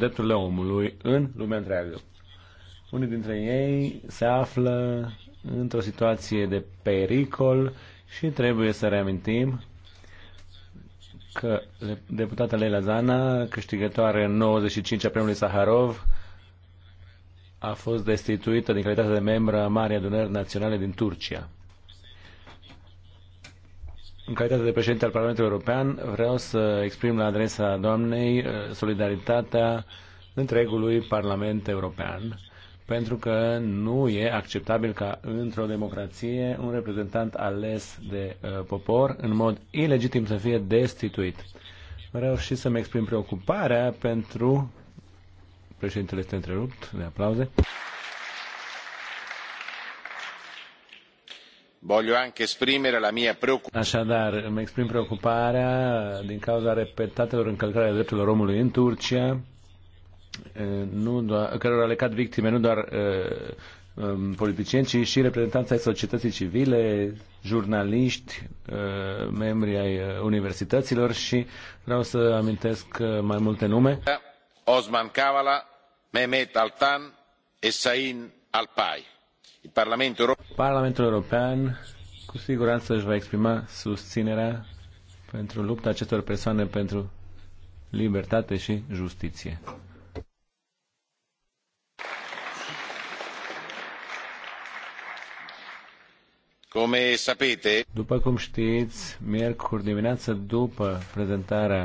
drepturile omului în lumea întreagă. Unii dintre ei se află într-o situație de pericol și trebuie să reamintim că deputata Leila Zana, câștigătoare în 95 a premiului Saharov, a fost destituită din calitate de membră a Marii Adunări Naționale din Turcia. În calitate de președinte al Parlamentului European, vreau să exprim la adresa doamnei uh, solidaritatea întregului Parlament European, pentru că nu e acceptabil ca într-o democrație un reprezentant ales de uh, popor în mod ilegitim să fie destituit. Vreau și să-mi exprim preocuparea pentru... Președintele este întrerupt de aplauze. Voglio anche esprimere la mia preoccupazione. Așadar, îmi exprim preocuparea din cauza repetatelor încălcări ale drepturilor omului în Turcia, nu doar, cărora le cad victime nu doar uh, um, politicieni, ci și reprezentanți ai societății civile, jurnaliști, uh, membri ai universităților și vreau să amintesc mai multe nume. Osman Kavala, Mehmet Altan e Sain Alpai Parlamentul, European cu siguranță își va exprima susținerea pentru lupta acestor persoane pentru libertate și justiție. După cum știți, miercuri dimineață după prezentarea